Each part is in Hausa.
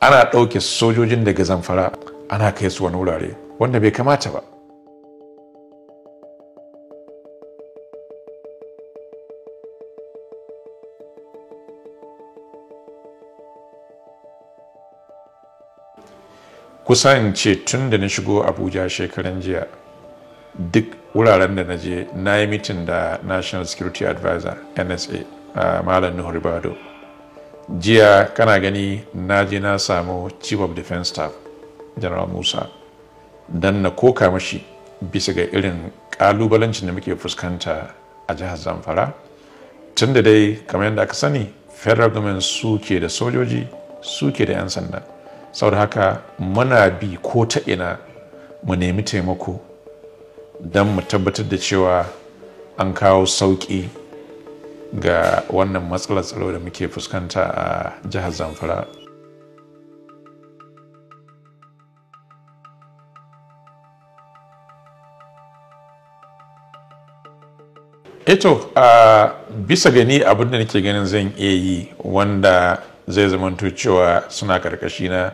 ana ɗauke sojojin daga zamfara ana kai su wani wurare wanda bai kamata ba kusan ce tun da na shigo abuja shekaran jiya duk wuraren da na je na yi mitin da national security advisor nsa a malam nuhu ribado jiya kana gani na je na samu chief of defense staff general musa don na koka mashi bisa ga irin kalubalancin da muke fuskanta a jihar zamfara tun da dai kamar yadda aka sani federal government suke da sojoji suke da 'yan sanda saboda haka muna bi ko ta ina mu nemi taimako don mu tabbatar da cewa an kawo sauƙi ga wannan matsalar tsaro da muke fuskanta a jihar zamfara eto eh a bisa gani abin da nake ganin zan iya yi wanda zai zamanto cewa suna karkashi na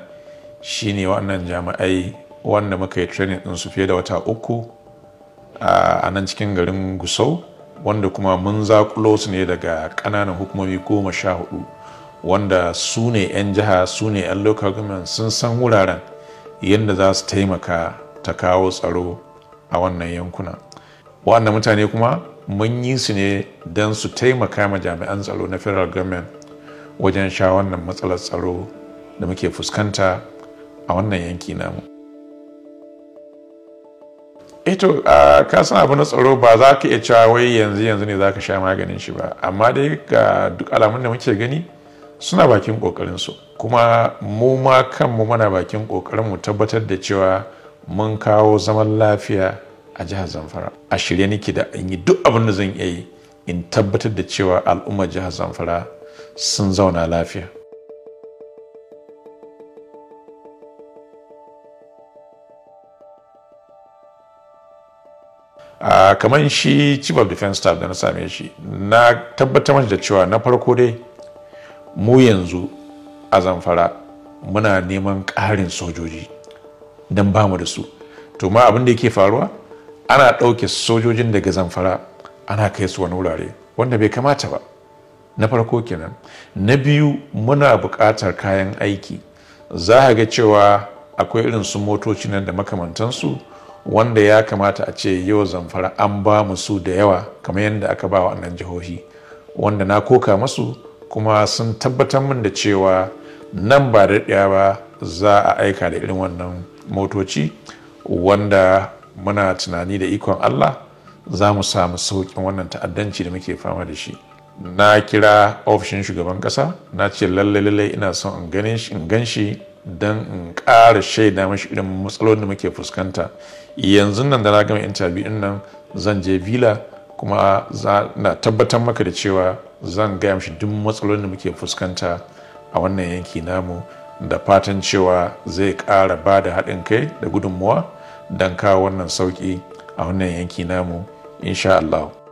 shine wannan jami'ai wanda muka yi training su fiye da wata uku a nan cikin garin gusau wanda kuma mun zakulo su ne daga ƙananan hukumomi goma sha hudu wanda su ne 'yan jiha su ne 'yan local government sun san wuraren yadda za su taimaka ta kawo tsaro a wannan yankuna Wannan mutane kuma mun yi su ne don su taimaka ma jami'an tsaro na federal government wajen sha wannan matsalar tsaro da muke fuskanta a wannan yanki namu. ito eh a kasan abu na tsaro ba za ka iya cewa wai yanzu yanzu ne za ka sha maganin shi ba amma dai ga duk alamun da muke gani suna bakin kokarin su kuma mu ma kanmu mana bakin kokarin mu tabbatar da cewa mun kawo zaman lafiya a jihar zamfara a shirye niki da in yi duk abin da zan iya yi in tabbatar da cewa al'ummar jihar zamfara sun zauna lafiya kamar shi chief of defense staff da na same shi na tabbatar da cewa na farko dai mu yanzu a zamfara muna neman ƙarin sojoji don ba mu da su to ma abin da yake faruwa ana ɗauke sojojin daga zamfara ana kai su wani wurare wanda bai kamata ba na farko kenan na biyu muna buƙatar kayan aiki za ga cewa akwai irin su motoci nan da makamantansu wanda ya kamata a ce yau zamfara an ba mu su da yawa kamar yadda aka ba wa'annan jihohi wanda na koka masu kuma sun tabbatar min da cewa nan ba daɗaya ba za a aika da irin wannan motoci wanda muna tunani da ikon allah za mu samu sauƙin wannan ta'addanci da muke fama da shi na kira ofishin shugaban ƙasa na ce lallai lallai ina son in gan shi don in ƙara shaida mashi irin matsalolin da muke fuskanta yanzu nan da na gama interview nan zan je vila kuma na tabbatar maka da cewa zan gaya mashi duk matsalolin da muke fuskanta a wannan yanki namu da fatan cewa zai ƙara ba da haɗin kai da gudunmuwa don kawo wannan sauƙi a wannan yanki namu insha Allah.